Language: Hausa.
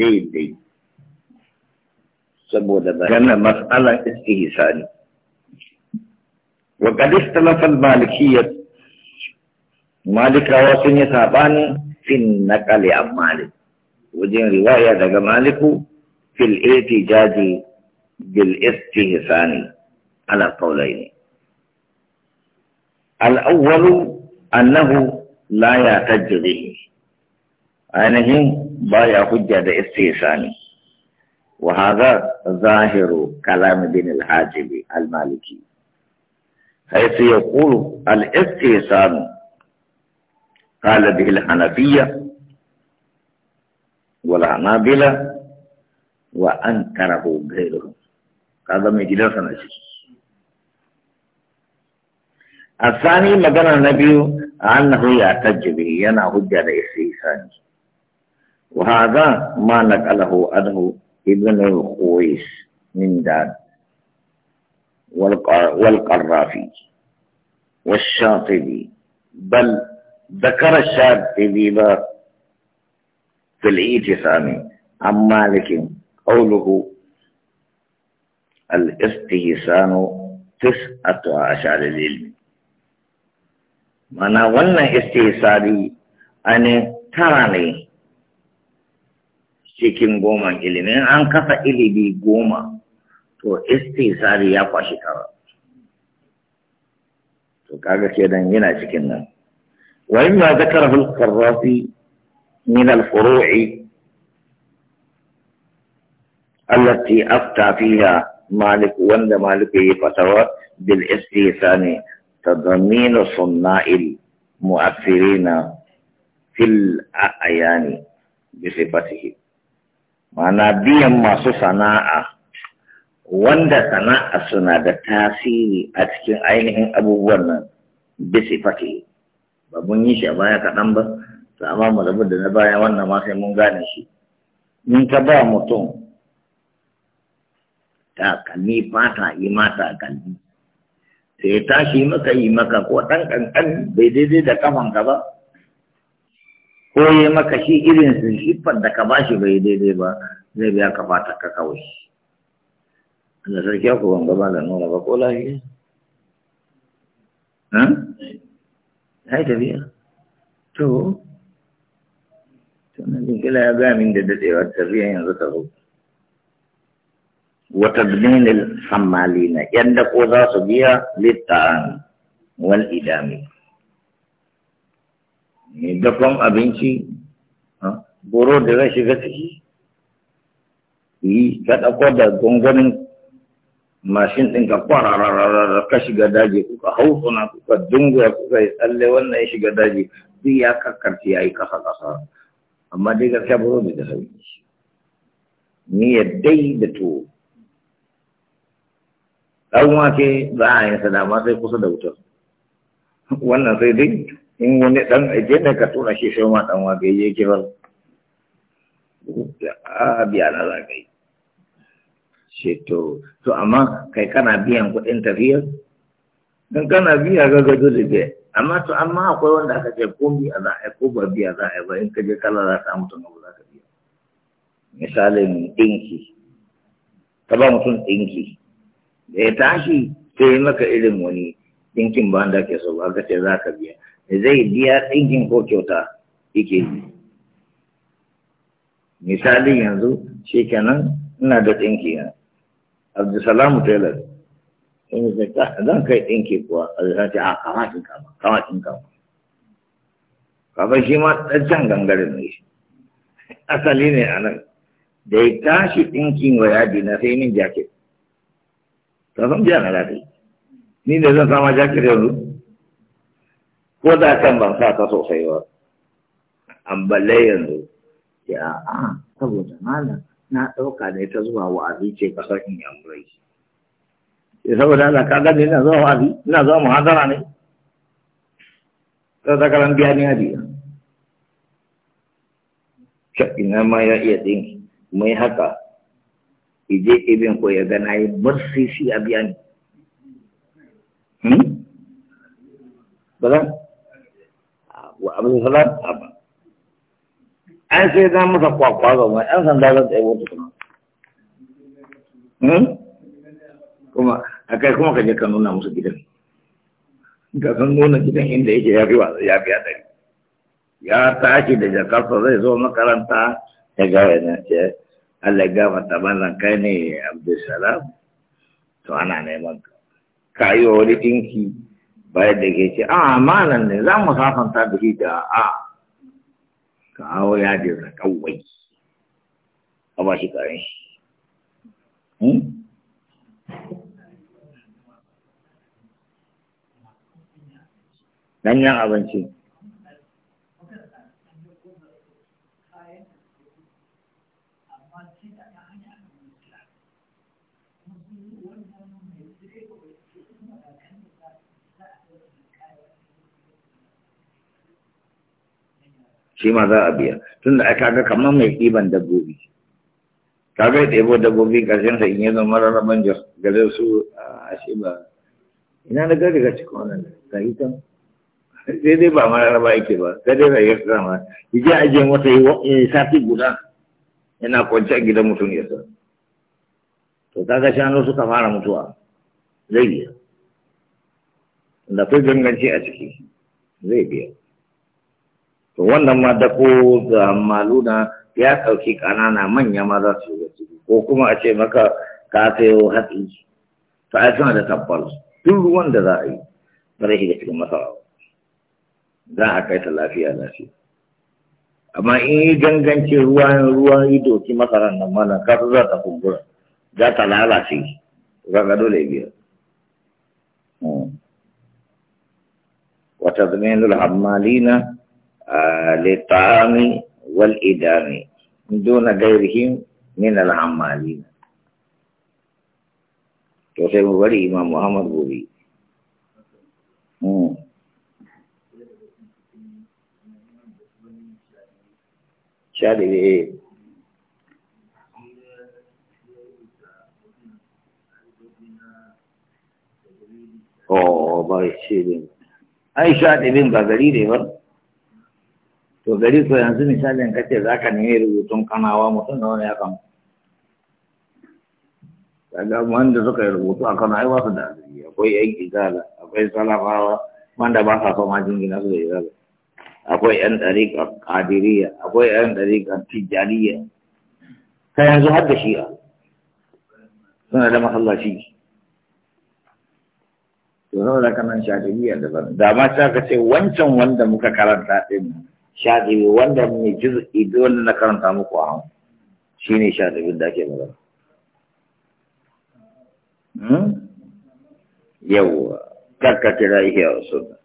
daidai saboda bayanan mas'alan istihsani wa qad istalafa al-malikiyyah malikawa sun yi sabani fin naqali an wajen riwaya daga maliku fil ihtijaji bil istihsani ala qawlaini al-awwalu annahu la yatajri ainihin baya hujja da istihsani wa hadha zahiru kalam ibn al-hajibi al-maliki حيث يقول الاستحسان قال به الحنفية والعنابلة وأنكره غيرهم هذا مجلس نسي الثاني مدن النبي أنه يعتج به ينا هجة الاستحسان وهذا ما نقله عنه ابن الخويس من داد والقرافي والشاطبي بل ذكر الشاطبي في الاعتصام عن مالك قوله الاستهسان تسعة عشر للعلم معنى ولنا استهساري أن تراني cikin goma ilimin an kasa ilimi goma to istisari ya kwashi tara to kaga dan yana cikin nan wa ma zakarahu al-qarrafi min al-furu'i allati afta fiha مالك وند مالك فتوى بالاستيثان تضمين صناع المؤثرين في الأعيان بصفته mana biyan masu sana'a wanda sana'a suna da tasiri a cikin ainihin abubuwan nan bisi fake ba mun yi shi a baya kaɗan ba to amma mu rabu da na baya wannan ma sai mun gane shi in ka ba mutum takalmi fata yi ma kalli sai tashi maka yi maka ko ɗan ƙanƙan bai daidai da kafanka ba ko yi maka shi irin su siffar da ka bashi bai daidai ba zai biya ka fata ka kawai da sarki ya ban gaba da nuna ba ko lafiya yi tafiya to to jin kila ya gaya min da dadewa tafiya yanzu ta zo wata sammali na yadda ko za su biya littarin wal idami dafan abinci boro da zai shiga ciki yi ka ɗauko da gongonin mashin ɗin ka kwararararra ka shiga daji kuka hau suna kuka dungura kuka yi tsalle wannan ya shiga daji duk ya kakkarci ya yi kasa kasa amma dai gaskiya boro bai da sauki ni ya dai da tuwo ɗan wake za a yin sadama sai kusa da wutar wannan sai dai in wani dan aje ne ka tura shi sai ma dan wa ya ke bar a biya na za ka yi shi to to amma kai kana biyan kuɗin tafiya dan kana biya ga gado da biya amma to amma akwai wanda aka ce ko biya za a yi ko ba biya za a yi ba in ka je kala za ta mutum abu za ka biya misalin ɗinki ka ba mutum ɗinki da ya tashi sai maka irin wani ɗinkin ba da ke so ba ka ce za ka biya zai biya ɗinkin ko kyauta yake yi misali yanzu shi kenan ina da ɗinki ya. abdusalamu taylor yi zai zan kai ɗinki kuwa a zai ce a kamatin kama kamatin kama kaba shi ma ɗancan gangaren ne shi asali ne a nan da ya tashi ɗinkin wa yadi na sai min jaket ta san biya na lafi ni da zan sama jaket yanzu ko da kan ban sa ta sosai ba an balle yanzu ya a saboda mana na ɗauka ne ta zuwa wa'azi ce kasar yamurai ya saboda ana kaga ne na zuwa wa'azi ina zuwa muhadara ne ta zakaran biya ne hadiya ina ma ya iya ɗinki mai haka ije ibin ko ya gana yi barsisi a biya ne hmm? ba wa abin salat ba an sai za masa kwakwa ga wani an san zan tsaye wata kuma hmm? kuma a kai kuma ka je ka nuna musu gidan ka san nuna gidan inda yake ya fi ya fi hadari ya tashi da jakarta zai zo makaranta ya gawa yana ce Allah ya gafarta mallan kai ne Abdulsalam to ana neman ka yi wa wani dinki bayar da ke ce a ah, malam ne za mu safanta da shi da a ah, kawo yadin na kawai a ba shi karen shi hmm? Ɗanyen abinci shi ma za a biya tunda da aka ga kamar mai ɗiban dabbobi ka ga ɗebo dabbobi ƙarshen sa in yi zama rarraban gare su a shi ba ina na gari ga cikin wannan ga ita sai dai ba mararraba yake ba sai dai zai yi sama ya je ajiye wata yi sati guda yana kwanci a gidan mutum ya san to ta kaga shanu suka fara mutuwa zai biya da kai ganganci a ciki zai biya to wannan ma dako ga maluna ya ɗauki ƙanana manya ma za su yi ko kuma a ce maka ka sayo hatsi to ai suna da tabbal duk ruwan da za a yi bare shi da cikin masara za a kai ta lafiya lafiya amma in yi gangance ruwan ruwan yi doki masaran nan ka su za ta kumbura za ta lalace za ka dole biyar da العمالين للطعام والإدام دون غيرهم من العمالين توسيم مباري إمام محمد بوري شادي بإيه Oh, by shading. I shot him to gari ko yanzu misalin ce za ka nemi rubutun kanawa mutum na wani yakan kaga wanda suka yi rubutu a kano ai ba su da azumi akwai yan izala akwai salafawa wanda ba sa so ma jingina su da izala akwai yan ɗariƙa ƙadiriya akwai yan ɗariƙa tijjaniya ta yanzu har da shi'a suna da masallaci to saboda kanan shafi biyar da ma ta ka ce wancan wanda muka karanta ɗin sha wanda mai juz'i duk wanda na karanta muku a hannu shi ne sha da ake magana hmm? yau karka kira ihe a sunna